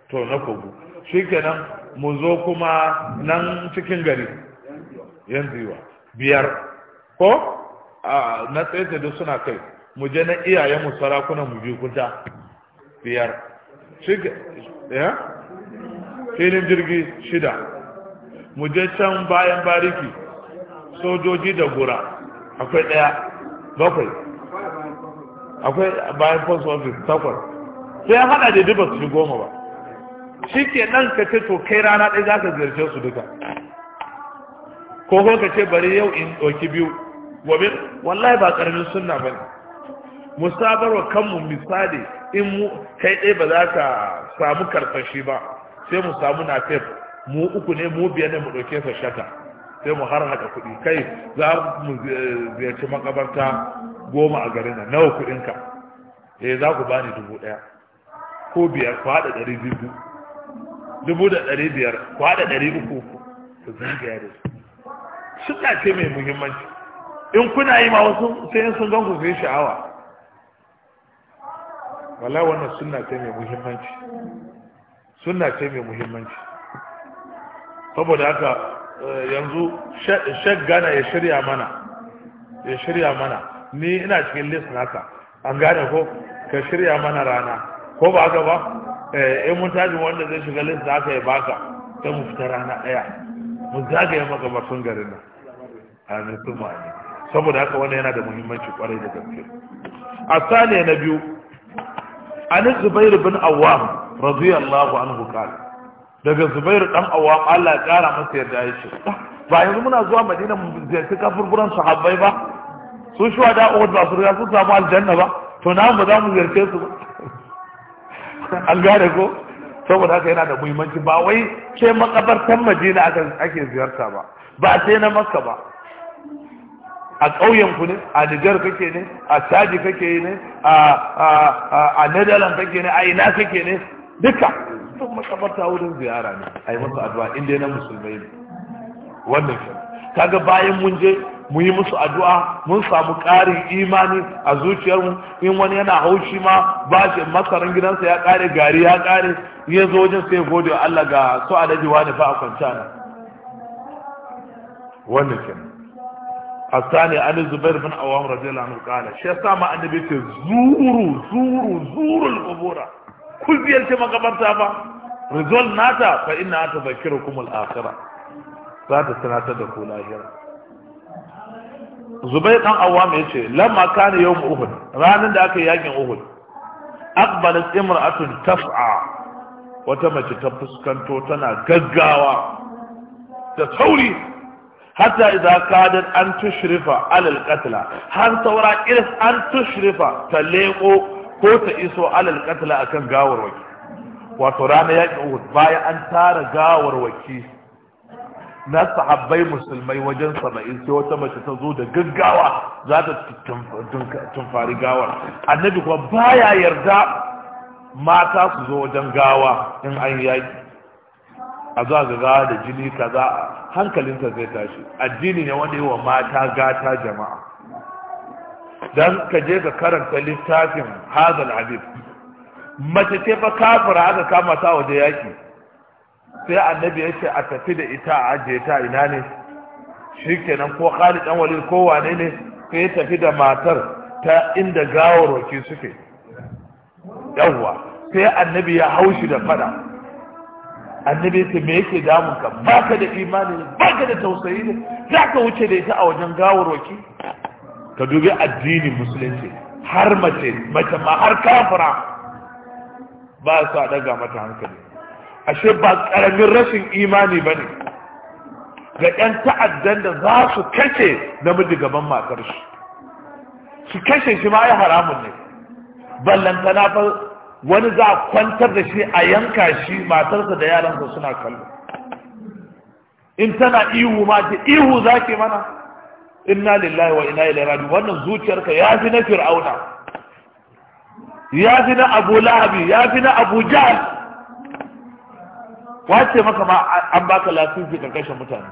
to na kogu shikenan mu zo kuma nan cikin gari yan ziwa biyar ko na tsaye da suna kai mu je na iyayen mu sarakuna mu biyu kuta biyar ya filin jirgi shida mu je can bayan bariki sojoji da gura akwai ɗaya bakwai akwai bayan post office takwas sai hada da duba su goma ba shi ke nan ka ce to kai rana ɗaya za ka ziyarce su duka ko ka ce bari yau in ɗauki biyu gobe wallahi ba ƙaramin sunna ba ne wa kanmu misali in mu kai ɗaya ba za ka samu karfashi ba sai mu samu na fef mu uku ne mu biyar ne mu ɗauke sa shata sai mu har haka kuɗi kai za mu ziyarci makabarta goma a garin nan nawa kuɗinka eh za ku bani dubu ɗaya ko biyar ku haɗa ɗari biyu dubu da ɗari biyar ku haɗa ɗari uku ku zagaya da su suna ce mai muhimmanci in kuna yi ma wasu sai in sun ganku ku sai sha'awa wala wannan suna ce mai muhimmanci suna ce mai muhimmanci saboda haka eh, yanzu shek gana ya shirya mana ya shirya mana ni ina cikin list naka an gane ko ka shirya mana rana ko ba haka ba eh, in mun tashi wanda zai shiga lissa haka ya baka sai mu fita rana ɗaya mu zagaye maka batun garin nan amin su ma'ani saboda haka wannan yana da muhimmanci kwarai da gaske a saniya na biyu ani zubair bin awam radiyallahu anhu kala daga zubair dan awam Allah ya kara masa yarda ya ce ah, ba yanzu muna zuwa madina mu ziyarci kafurburan sahabbai ba su shuwa da uhud ba su riga sun samu aljanna ba to na mu za mu ziyarce su ba an gane ko saboda haka yana da muhimmanci ba wai sai makabartan madina ake ziyarta ba ba sai na makka ba a ƙauyen ku ne a nijar kake ne a caji kake ne a nadalan kake ne a ina kake ne duka sun makabarta wurin ziyara ne a yi masa addu'a inda na musulmai ne wannan shi kaga bayan mun je mu yi musu addu'a mun samu ƙarin imani a zuciyarmu in wani yana haushi ma ba shi masarin gidansa ya ƙare gari ya ƙare ya zo wajen sai gode wa Allah ga su alaji wani fa a kwanta na wannan asani الثاني zubair bin awam radiyallahu anhu kana shi yasa ma annabi ce zuru zuru zuru al-qubura بيرتي ما magabarta ba rizul nata fa inna ta al-akhirah za ta tunatar da ku lahira zubai dan awam mai ce lamma kana yawm uhud ranar da aka yakin uhud aqbalat imra'atun taf'a wata mace ta fuskanto tana gaggawa da sauri hatta idza kadat an tushrifa alal qatla har saura iris an tushrifa ta leko ko ta iso alal qatla akan waki wato ranar yakin uhud bayan an tara gawarwaki na sahabbai musulmai wajen saba'in sai wata mace ta zo da gaggawa za ta tumfari gawar annabi kuma baya yarda mata su zo wajen gawa in an yaki a za ga gawa da jini kaza hankalinta zai tashi addini ne wanda yi wa mata gata jama'a dan ka je ka karanta littafin hazal habib mace ce fa kafira aka kama ta waje yaki sai annabi ya ce a tafi da ita a ajiye ta ina ne shi kenan ko khalid dan walid ko wane ne sai ya tafi da matar ta inda gawarwaki suke yawwa sai annabi ya haushi da fada annabi ce me yake damun ka baka da imani ne baka da tausayi ne za ka wuce da ita a wajen gawarwaki ka dubi addinin musulunci har mace mace ma har kafira ba su a daga mata hankali ashe ba karamin rashin imani bane ga yan ta'addan da za su kashe namiji gaban matar shi su kashe shi ma ai haramun ne ballantana fa wani za a kwantar da shi a yanka shi matarsa da yaransa suna kallo in tana ihu ma ta ihu zaki mana inna lillahi wa inna ilaihi raji'un wannan zuciyarka ya fi na fir'auna ya fi na abu lahabi ya fi na abu jahal wace maka ma an baka lasisi ka kashe mutane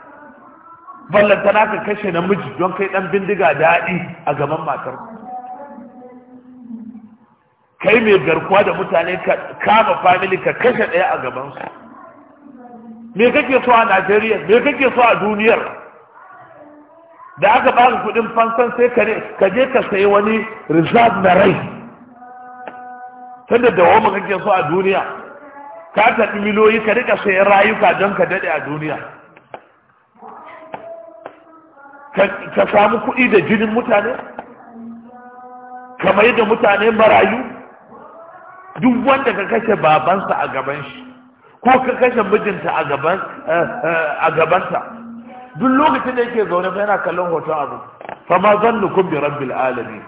ballanta na ka kashe namiji don kai dan bindiga daɗi a gaban matar kai mai garkuwa da mutane ka kama family ka kashe ɗaya a gaban su me kake so a Najeriya me kake so a duniyar da aka ka kuɗin fansan sai ka je ka sayi wani reserve na rai tunda da wama kake so a duniya ka tafi miliyoyi ka rika sayan rayuka don ka daɗe a duniya ka samu kuɗi da jinin mutane ka mai mutane marayu duk wanda ka kashe babansa a gaban shi ko ka kashe mijinta a gabansa eh, eh, duk lokacin da yake zaune ba yana kallon hoton abu fa ma nukun bi rabbil alamin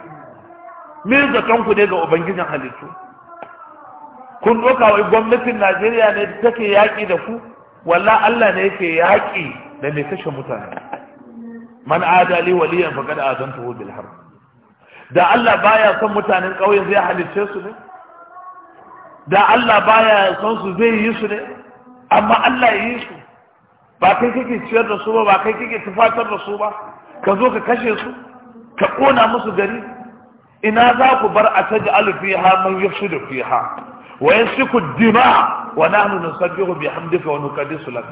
me zaton ku ne ga ubangijin halittu kun ɗauka wai gwamnatin najeriya ne take yaƙi da ku walla allah ne yake yaƙi da mai kashe mutane man adali waliyan faqad azantuhu bil harb da allah baya son mutanen ƙauyen zai halicce su ne da allah baya son su zai yi su ne amma allah ya yi su ba kai kake ciyar da su ba ba kai kake tufatar da su ba ka zo ka kashe su ka ƙona musu gari ina za ku bar a taji alufiha man yafsudu fiha wa الدماء dima wa بحمدك nusabbihu لك قال nukaddisu lak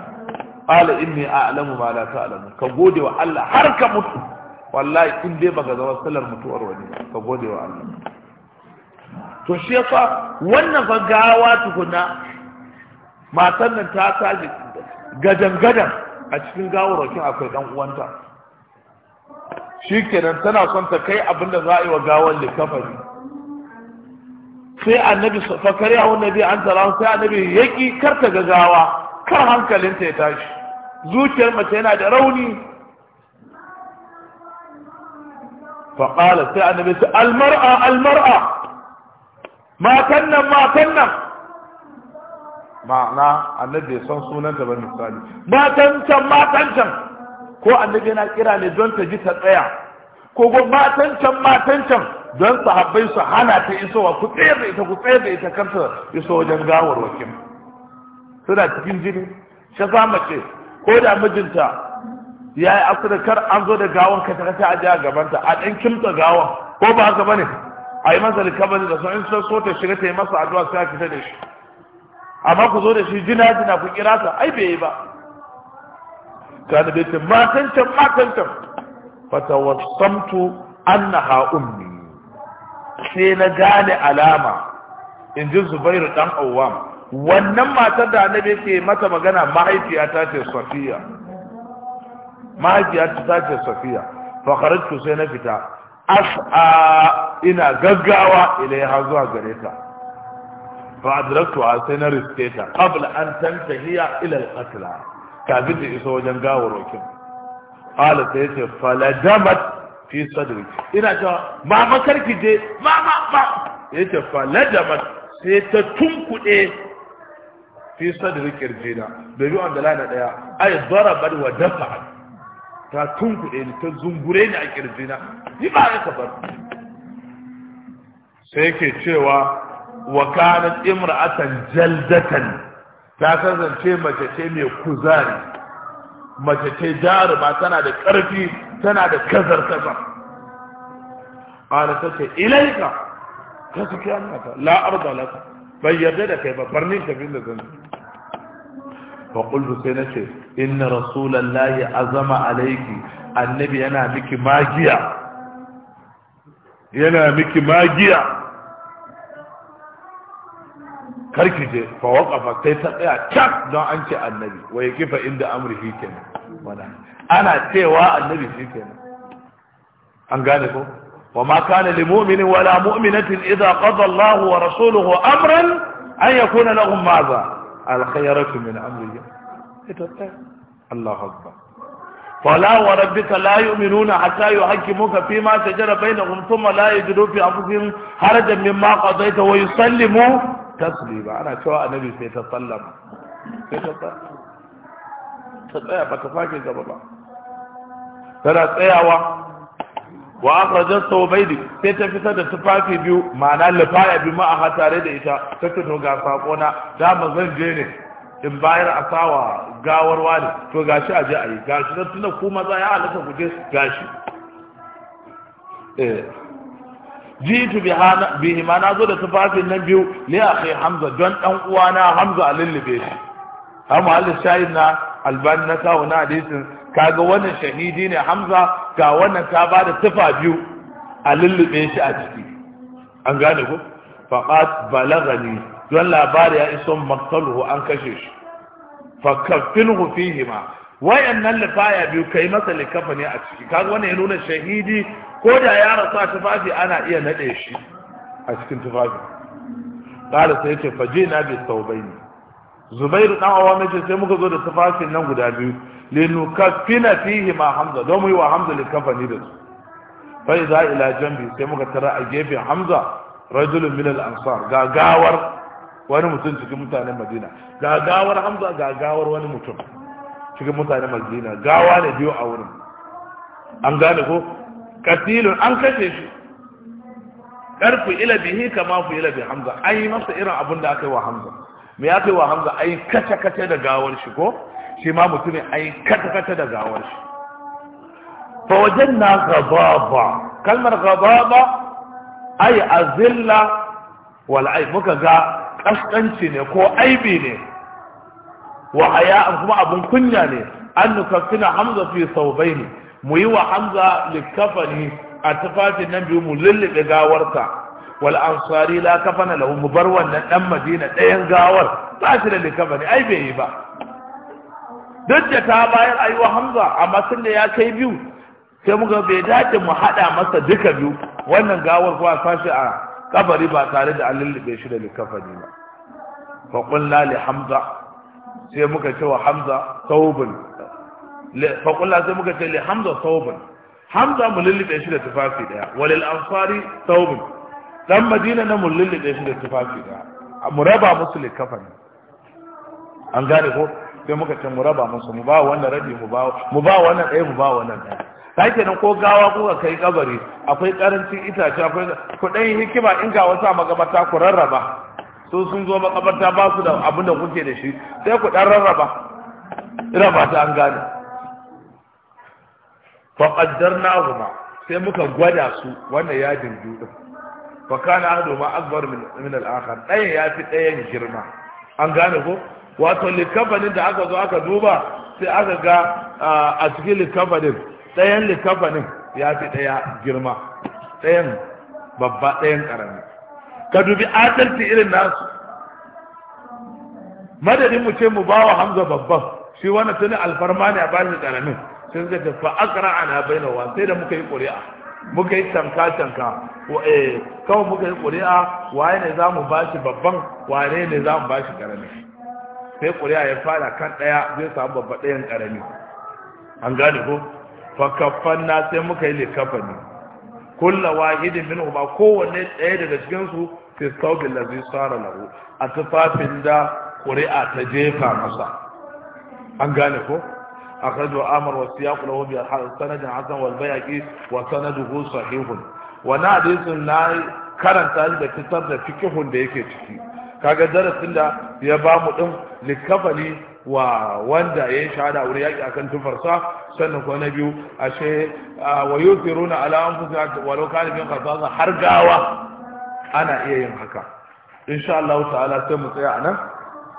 ما لا تعلم ma la حركة ka gode wa Allah har mutu wallahi in dai baka mutuwar wani ka gode wa Allah to shi yasa wannan fa gawa tukuna matan nan ta tashi gadan gadan a cikin gawarakin akwai dan uwanta kenan tana son ta kai abinda za a yi wa gawar likafari. sai annabi fakari a wannan an tara sai annabi yaki karta gagawa kar hankalinta ya tashi zuciyar mace yana da rauni faƙala sai annabi su almar'a almar'a matan nan matan nan ma'ana annabi bai san sunanta ba misali matan can matan can ko annabi yana kira ne don ta ji ta tsaya ko matan can matan can don sahabbai su hana ta isowa ku tsayar da ita ku tsayar da ita karta iso wajen gawar wakil suna cikin jini shi za mace ko da mijinta ya yi asirin kar an zo da gawar ka ta aje a gabanta a ɗan kimta gawar, ko ba haka bane a yi masa likabari da sun sun so ta shiga ta yi masa addu'a sai a fita da shi amma ku zo da shi jina jina ku kira ta ai bai yi ba kana bai ce matan can matan can fata wasamtu annaha ummi sai na gane alama in ji zubairu dan awam wannan matar da annabi ke mata magana mahaifiya ta ce safiya mahaifiya ta ce safiya fa sai na fita as'a ina gaggawa ya zuwa gare ta fa adraktu sai na riske ta qabla an tantahiya ila al-qatla kafin ta iso wajen gawarwakin qala sai ce faladamat fi sadri ina ta mama karki je mama ba yace fa ladamat sai ta tunkude fi sadri kirjina da biyu da lana daya ay darabat wa dafa ta tunkude ni ta zungure ni a kirjina ni ba ya kabar sai ke cewa wa kanat imra'atan jaldatan ta kasance mace ce mai kuzari mace ce jaruma tana da ƙarfi تنعد كذر كذر قال تسي إليك تسي كأنك لا أرضى لك فيجدك برنيك في لذن فقلت سينتي إن رسول الله عزم عليك النبي أنا بك ماجيا أنا بك ماجية فوقفت فوقف يا تشك دو أنت النبي ويكيف عند أمره كنا wala ana cewa annabi shi kenan an gane ko wa ma kana lil mu'minin wala mu'minatin idza qada Allah wa rasuluhu amran an yakuna lahum madha al khayratu min amri ita ta eh, Allah akbar فلا وربك لا يؤمنون حتى يحكموك فيما تجرى بينهم ثم لا يجدوا في انفسهم حرجا مما قضيت ويسلموا تسليما انا شو sai ta sallama. ka tsaya ba ka fage gaba ba tana tsayawa wa akhrajar saubaidi sai ta fitar da tufafi biyu ma'ana lafaya bi ma'aha tare da ita ta fito ga sakona dama zan je ne in bayar a sawa gawar wani to gashi a je a yi gashi na tuna ku maza ya halatta ku je gashi eh. jitu bihi ma na zo da tufafin nan biyu a kai hamza don dan uwana hamza a lullube shi amma Allah shahid na albani na kawo na hadisin kaga wannan shahidi ne hamza ga wannan ka bada tufa biyu a lullube shi a ciki an gane ko faqat balagani don labari ya iso maktaluhu an kashe shi fakaffinhu fihima wayannan lifaya biyu kai masa likafa ne a ciki kaga wannan ya nuna shahidi ko da ya rasa tufafi ana iya naɗe shi a cikin tufafi qala sai ce fajina bi thawbaini zubairu dan awam ce sai muka zo da tufafin nan guda biyu linukaffina fihi ma hamza don mu yi wa hamza likafani da su fa idza ila jambi sai muka tara a gefen hamza rajulun min al ansar gagawar wani mutum cikin mutanen madina gagawar hamza gagawar wani mutum cikin mutanen madina gawa ne biyu a wurin an gane ko katilun an kashe shi karfu ila bihi kama fu ila bi hamza an yi masa irin abin da aka yi wa hamza me ya kaiwa wa hamza ai kace kace da gawar shi ko shi ma mutumin ai kace kace da gawar shi fa na gababa, kalmar ghababa ai azilla wal ai muka ga ƙasƙanci ne ko aibi ne wa haya kuma abun kunya ne an nukaffina hamza fi ne. mu yi wa hamza likafani a tufafin nan biyu mu lullube gawarsa wal ansari la kafana lahu mu bar wannan dan madina dayan gawar ba shi da likafani ai bai yi ba duk da ta bayar ayuwa hamza amma sun da ya kai biyu sai muka bai dace mu haɗa masa duka biyu wannan gawar kuwa sashi a kabari ba tare da an lullube shi da likafani ba fa qulna li hamza sai muka ce wa hamza thawbun fa qulna sai muka ce li hamza thawbun hamza mu lullube shi da tufafi daya walil ansari thawbun dan madina na mullulli da shi da tufafi da mu raba musu ne. an gane ko sai muka ce mu raba musu mu ba wannan rabi mu ba mu ba wannan ɗaya mu ba wannan ɗaya sai kenan ko gawa kuka kai kabari akwai karancin itace akwai kuɗin hikima in ga wasa magabata ku rarraba su sun zo makabarta ba su da abin da kuke da shi sai ku ɗan rarraba raba ta an gane qaddarna huma sai muka gwada su wannan yajin juɗin fa kana ahadu ma akbar min al-akhar ɗaya ya fi ɗayan girma an gane ko wato likafanin da aka zo aka duba sai aka ga a cikin likafanin ɗayan likafanin ya fi ɗaya girma ɗayan babba ɗayan ƙarami ka dubi adalci irin nasu madadin mu ce mu ba wa hamza babban shi wani tuni alfarma ne a bashi ƙaramin sun zai tafi akara na bainawa sai da muka yi ƙuri'a muka yi tanka-tanka eh, kawai muka yi ƙuri'a waye ne za mu ba shi babban Ware ne za mu ba shi ƙarami sai ƙuri'a ya fara kan ɗaya zai samu babba ɗayan ƙarami an gane ko fakaffan na sai muka yi likafani kulla wahidin min ba kowanne ɗaya daga cikinsu fi saubin da zai tsara lahu a tufafin da ƙuri'a ta jefa masa an gane ko أخرجه أمر والسياق له بسند حسن والبيهقي وسنده صحيح wannan hadisin na karanta shi da fitar da fikihun da yake ciki kaga darasin da ya bamu ɗin din likafali wa wanda ya yi shahada wuri yaki akan tufarsa sannan ko na biyu ashe wa yusiruna ala anfusihim walau kana min qasasa har gawa ana iya yin haka insha Allah ta'ala sai mu tsaya anan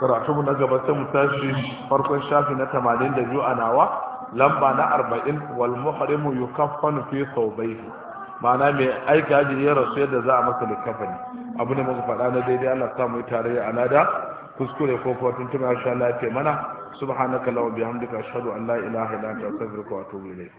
karatu na gaba sai mu tashi farkon shafi na 82 a nawa lamba na 40 wal muhrimu yukaffanu fi thawbayhi ma'ana mai aika aji ya rasu yadda za a masa likafani abu ne muka faɗa na daidai Allah ta mu tare a nada kuskure ko ko tuntuna insha Allah ya mana subhanaka allahumma bihamdika ashhadu an la ilaha illa anta astaghfiruka wa atubu ilayk